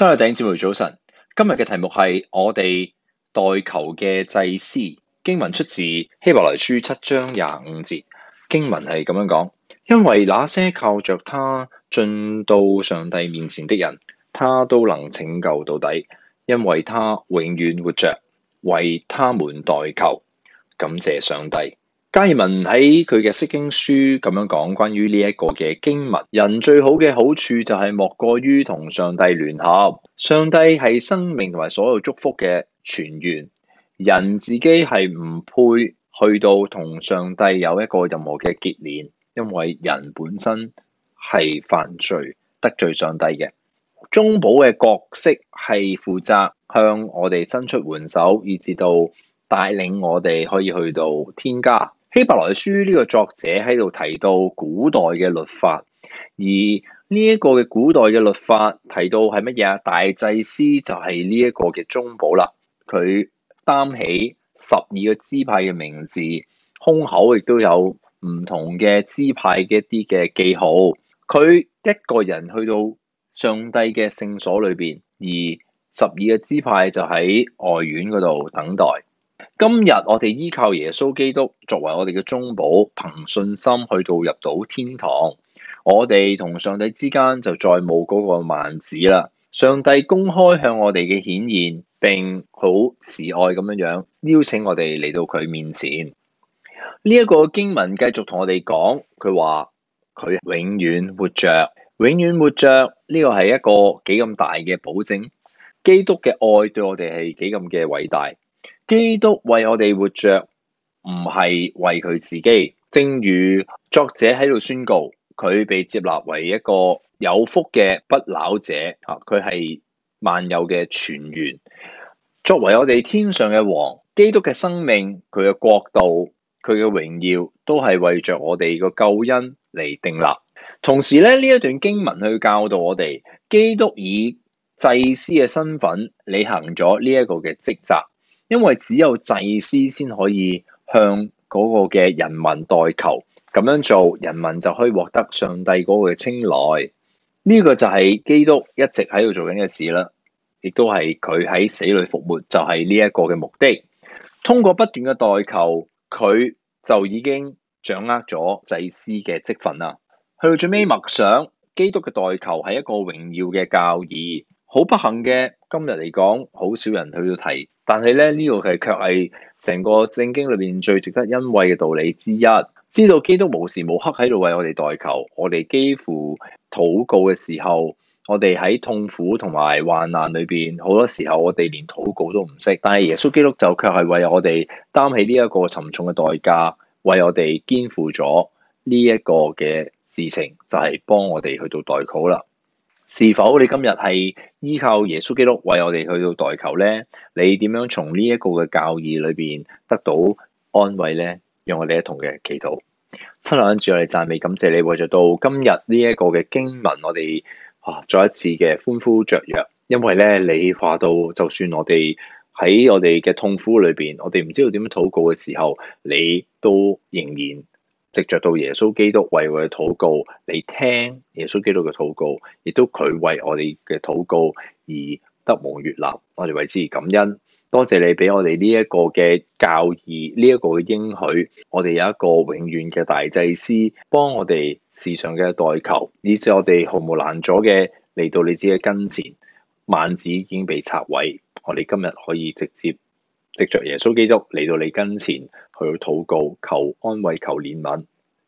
親愛的弟兄姊妹早晨，今日嘅題目係我哋代求嘅祭司。經文出自希伯來書七章廿五節，經文係咁樣講：因為那些靠着他進到上帝面前的人，他都能拯救到底，因為他永遠活着，為他們代求。感謝上帝。加爾文喺佢嘅釋經書咁樣講，關於呢一個嘅經文，人最好嘅好處就係莫過於同上帝聯合。上帝係生命同埋所有祝福嘅泉源，人自己係唔配去到同上帝有一個任何嘅結連，因為人本身係犯罪得罪上帝嘅。中保嘅角色係負責向我哋伸出援手，以至到帶領我哋可以去到天家。希伯來書呢個作者喺度提到古代嘅律法，而呢一個嘅古代嘅律法提到係乜嘢啊？大祭司就係呢一個嘅中保啦，佢擔起十二個支派嘅名字，胸口亦都有唔同嘅支派嘅一啲嘅記號，佢一個人去到上帝嘅聖所裏邊，而十二個支派就喺外院嗰度等待。今日我哋依靠耶穌基督作為我哋嘅中保，憑信心去到入到天堂，我哋同上帝之間就再冇嗰個幔子啦。上帝公開向我哋嘅顯現，並好慈愛咁樣樣邀請我哋嚟到佢面前。呢、這、一個經文繼續同我哋講，佢話佢永遠活着，永遠活着。呢、這個係一個幾咁大嘅保證。基督嘅愛對我哋係幾咁嘅偉大。基督為我哋活着，唔係為佢自己。正如作者喺度宣告，佢被接納為一個有福嘅不老者啊！佢係萬有嘅全員，作為我哋天上嘅王，基督嘅生命、佢嘅國度、佢嘅榮耀，都係為着我哋嘅救恩嚟定立。同時咧，呢一段經文去教導我哋，基督以祭司嘅身份履行咗呢一個嘅職責。因為只有祭司先可以向嗰個嘅人民代求，咁樣做，人民就可以獲得上帝嗰個嘅青睞。呢個就係基督一直喺度做緊嘅事啦，亦都係佢喺死裏復活就係呢一個嘅目的。通過不斷嘅代求，佢就已經掌握咗祭司嘅職分啦。去到最尾默想，基督嘅代求係一個榮耀嘅教義。好不幸嘅，今日嚟講，好少人去到睇。但係咧，呢、這個係卻係成個聖經裏邊最值得欣慰嘅道理之一。知道基督無時無刻喺度為我哋代求，我哋幾乎禱告嘅時候，我哋喺痛苦同埋患難裏邊，好多時候我哋連禱告都唔識，但係耶穌基督就卻係為我哋擔起呢一個沉重嘅代價，為我哋肩負咗呢一個嘅事情，就係、是、幫我哋去到代求啦。是否你今日係依靠耶穌基督為我哋去到代求咧？你點樣從呢一個嘅教義裏邊得到安慰咧？讓我哋一同嘅祈禱。親愛嘅主，我哋讚美感謝你，為著到今日呢一個嘅經文，我哋啊再一次嘅歡呼雀躍，因為咧你話到，就算我哋喺我哋嘅痛苦裏邊，我哋唔知道點樣禱告嘅時候，你都仍然。直着到耶穌基督為我哋禱告，你聽耶穌基督嘅禱告，亦都佢為我哋嘅禱告而得蒙悅納，我哋為之而感恩。多謝你俾我哋呢一個嘅教義，呢一個嘅應許，我哋有一個永遠嘅大祭司幫我哋時常嘅代求，以至我哋毫無難阻嘅嚟到你自己嘅跟前，幔子已經被拆毀，我哋今日可以直接藉着耶穌基督嚟到你跟前去禱告，求安慰，求憐憫，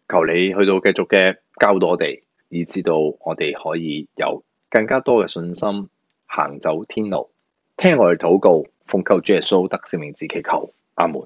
求你去到繼續嘅教導我哋，以至到我哋可以有更加多嘅信心行走，走天路。聽我哋禱告，奉求主耶穌得勝名字祈求，阿門。